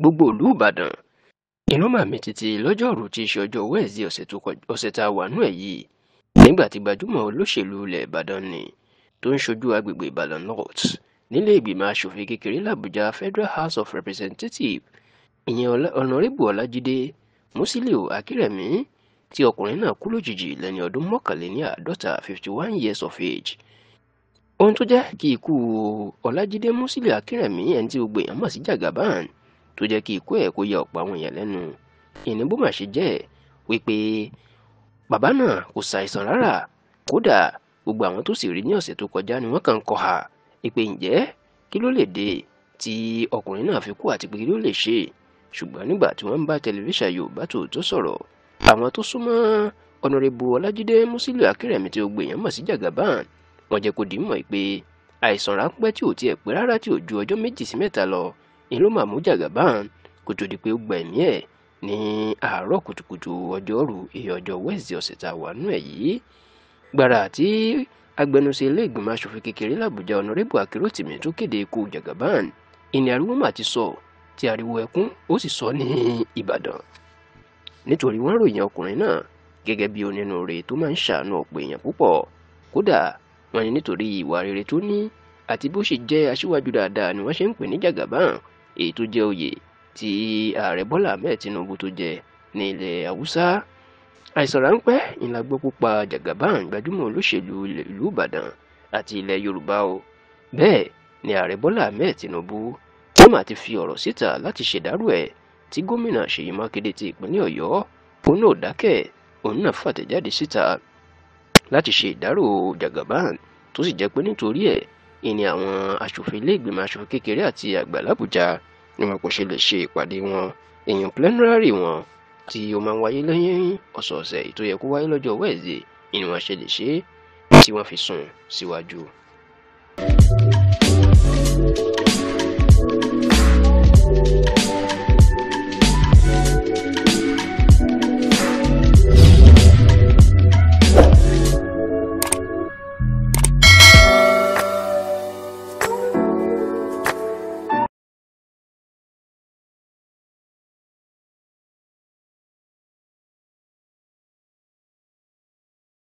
gbogbo ìlú ìbàdàn inú màmí títí lọ́jọ́rùú ti ṣe ọjọ́ wẹ́ẹ̀sì ọ̀sẹ̀ tá a wà nú ẹ̀ yìí nígbà tí gbajúmọ̀ olóṣèlú ilẹ̀ ìbàdàn ni tó ń ṣojú agbègbè ìbàdàn north nílé ìgbìmọ̀ asòfin kékeré làbújá federal house of representatives ìyẹn ọ̀nàrẹ́bù ọ̀làjídé musiliu akírẹ̀mí tí ọkùnrin náà kú lójijì lẹ́ni ọdún mọ́kànléní fifty one years of age ohun tó jẹ́ kí ikú ọ̀làjídé musiliu akírẹ̀mí ẹni tí gbogbo èèyàn mọ̀ sí jagaban tó jẹ́ kí ikú ẹ̀ kó ya ọ̀pọ̀ àwọn èèyàn lẹ́nu ìní bó mà ṣe jẹ́ wípé bàbá náà kò ṣàìsàn rárá kódà gbogbo àwọn tó sì rí ní ọ̀sẹ̀ tó kọjá ni wọ́n kàn ń kọ́ ha ìpè ǹjẹ́ kí ló lè dé tí ọkùnrin náà fi kú àti pé kí ló lè ṣe ṣùgbọ́n nígbà tí wọ́n ń bá tẹlifíṣàn Yorùbá Tòótọ́ sọ̀rọ̀ àwọn tó súnmọ́ ọ̀nàrẹ́bù Ọlájídé Músílù Akírẹ̀mí tí ó gbé èèyàn mọ̀ sí Jagaban wọ́n jẹ́ kó dì í mọ̀ pé àìsàn ráńpẹ́ tí ò tiẹ̀ pé rárá tí ò ju ọjọ́ méjì sí mẹ́ta lọ ni ló máa mú Jagaban kó tó di pé ó gba ẹ̀mí ẹ̀ ní àárọ̀ kùtùkùtù ọjọ́rú èyí ọjọ́ wẹ́ẹ̀sì ọ̀sẹ̀ tá a wà nú ẹ̀ yìí gbàrà tí agbẹnusọ ilé ìgbìmọ̀ asòfin kékeré làbújá ọ̀nàrẹ́bù akéròtìmí tó kéde ikú Jagaban ìní ariwo mà ti sọ ti ariwo ẹkún ó sì sọ ní Ìbàdàn nítorí wọ́n ròyìn ọkùnrin náà gẹ́gẹ́ bí onínúure tó máa ń ṣàánú ọ̀pọ̀ èèyàn púpọ̀ kódà wọ́n ní nítorí ìwà rere tó ní àti bó ṣe jẹ́ aṣíwájú dáadáa ni wọ́n ṣe ń pè ní Jagaban èyí tó jẹ́ oyè tí ààrẹ Bọ́lá Ahmed Tinubu tó jẹ ní ilẹ̀ Haúsá àìsàn ráńpẹ́ ìlà pupa Jagaban gbajúmọ̀ olóṣèlú ìlú Ìbàdàn àti ilẹ̀ Yorùbá o bẹ́ẹ̀ ni ààrẹ Bọ́lá Ahmed Tinubu tí màá ti fi ọ̀rọ̀ síta láti ṣèdárò ẹ̀ tí gómìnà Ṣèyí Mákindé ti ìpínlẹ̀ Ọ̀yọ́ òun náà dákẹ́ òun náà fàtẹ̀jáde síta láti ṣe ìdárò Jagaban tó sì jẹ́ pé nítorí ẹ̀ ìní àwọn aṣòfin ilé ìgbìmọ̀ aṣòfin kékeré àti àgbà làbújá ni wọn kò ṣe lè ṣe ìpàdé wọn èèyàn plenary wọn tí ó máa ń wáyé lẹ́yìn ọ̀sọ̀ọ̀sẹ̀ ètò yẹ kó wáyé lọ́jọ́ Wednesday ni wọn ṣe lè ṣe é tí wọ́n fi sún síwájú.